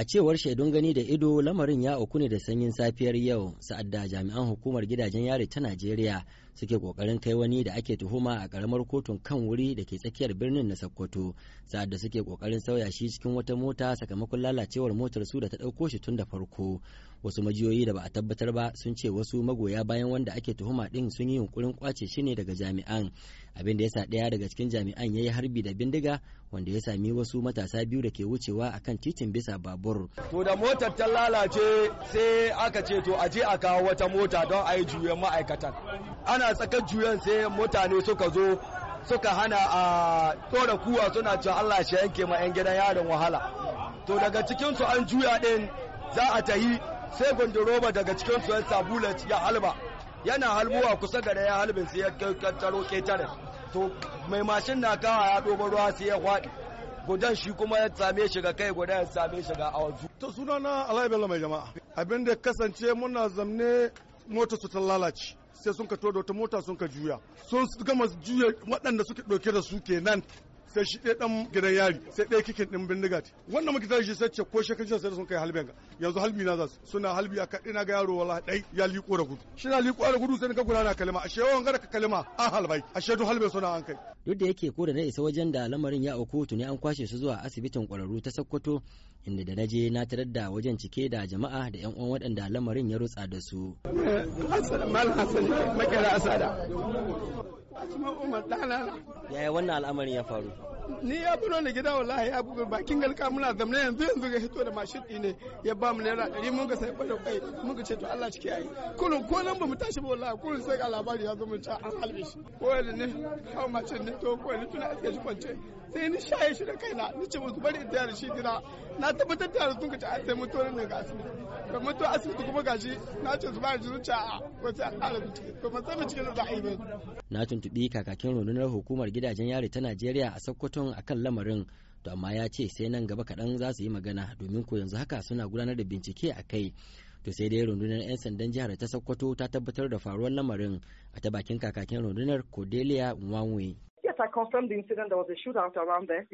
A cewar shaidun gani da ido lamarin ya auku ne da sanyin safiyar yau sa'ad da jami'an hukumar gidajen yari ta Najeriya suke kokarin kai wani da ake tuhuma a karamar kotun kan wuri da ke tsakiyar birnin na Sokoto sa'ad da suke kokarin sauya shi cikin wata mota sakamakon lalacewar motar su da ta ɗauko shi tun da farko wasu majiyoyi da ba a tabbatar ba sun ce wasu magoya bayan wanda ake tuhuma din sun yi yunkurin kwace shi ne daga jami'an abin da yasa daya daga cikin jami'an ya yi harbi da bindiga wanda ya sami wasu matasa biyu da ke wucewa akan titin bisa babur. To da motar ta lalace sai aka ce to a je a kawo wata mota don a yi juyen ma'aikatan. Ana tsakar juyen sai mutane suka zo suka hana a tsora kuwa suna cewa Allah shi yanke ma 'yan gidan yarin wahala. To daga cikinsu an juya din za a tahi sai gondoroba daga cikin su ya bullet ya halba yana halbuwa kusa da ya halbin sai ya kattaro ketare to mai mashin na kawa ya doba ruwa sai ya kwaɗi gudan shi kuma ya same shi ga kai gudan ya same shi ga awazu to sunana alai bello mai jama'a abin da kasance muna zamne mota su ta lalace sai sun ka to ta mota sun ka juya sun gama juya waɗanda suke ɗauke da su kenan sai shi ɗaya ɗan gidan yari sai ɗaya kikin ɗin bindiga ce wannan muke tare shi sai ce ko shi sai sun kai halben ga yanzu halbi na za su suna halbi a kaɗai na ga yaro wala ɗai ya liƙo da gudu shi na liƙo da gudu sai ka gudana kalima ashe yawan gara ka kalima an halbai ashe duk halbe suna an kai. duk da yake ko da na isa wajen da lamarin ya auku tuni an kwashe su zuwa asibitin ƙwararru ta sokoto inda da naje na tarar da wajen cike da jama'a da yan uwan waɗanda lamarin ya rutsa da su. Eh, Malam Hassan, makera asada. Asma Umar ɗana. Yaya wannan al'amarin ya faru? ni ya buno ne gida wallahi ya bugu bakin galka muna zamne yanzu yanzu ga hito da mashin din ne ya ba mu naira ɗari mun ga sai da kai mun ga ce to Allah ke yayi kullu ko nan ba mu tashi ba wallahi kullu sai ga labari ya zo mun ta an halbe shi ko ne hau mashin ne to ko ne tuna aske shi kwance sai ni shaye shi da kaina ni ce musu bari da shi gida na tabbatar da sun kace an sai mutuwar ne ga asibiti da mutuwar asibiti kuma gashi na ce su ba shi zuciya a wasu a ƙara bincike ba san cikin da za a yi ba na tuntubi kakakin rundunar hukumar gidajen yari ta Najeriya a Sokoto Johnson kan lamarin to amma ya ce sai nan gaba kaɗan za su yi magana domin ko yanzu haka suna gudanar da bincike a kai to sai dai rundunar 'yan sandan jihar ta sokoto ta tabbatar da faruwar lamarin a ta bakin kakakin rundunar cordelia nwanwe Yes, I was a shootout around there.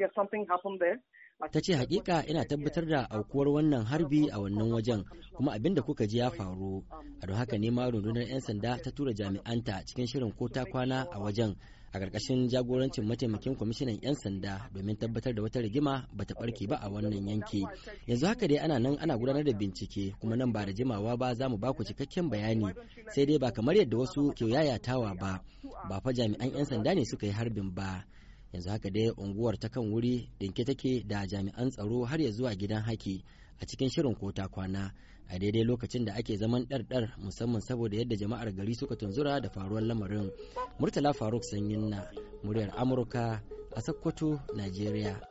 ta ce hakika ina tabbatar da aukuwar wannan harbi a wannan wajen kuma abin da kuka ji ya faru a don haka ne ma rundunar 'yan sanda ta tura jami'anta cikin shirin ko ta kwana a wajen a ƙarƙashin jagorancin mataimakin kwamishinan 'yan sanda domin tabbatar da wata rigima ba ta ɓarke ba a wannan yanki yanzu haka dai ana nan ana gudanar da bincike kuma nan ba da jimawa ba za mu baku cikakken bayani sai dai ba kamar yadda wasu ke yayatawa ba ba fa jami'an 'yan sanda ne suka yi harbin ba yanzu haka dai unguwar ta kan wuri dinke take da jami'an tsaro har ya zuwa gidan haki a cikin shirin kota kwana a daidai lokacin da ake zaman ɗarɗar musamman saboda yadda jama'ar gari suka tunzura da faruwar lamarin murtala faruk sanyin na muryar amurka a sokoto najeriya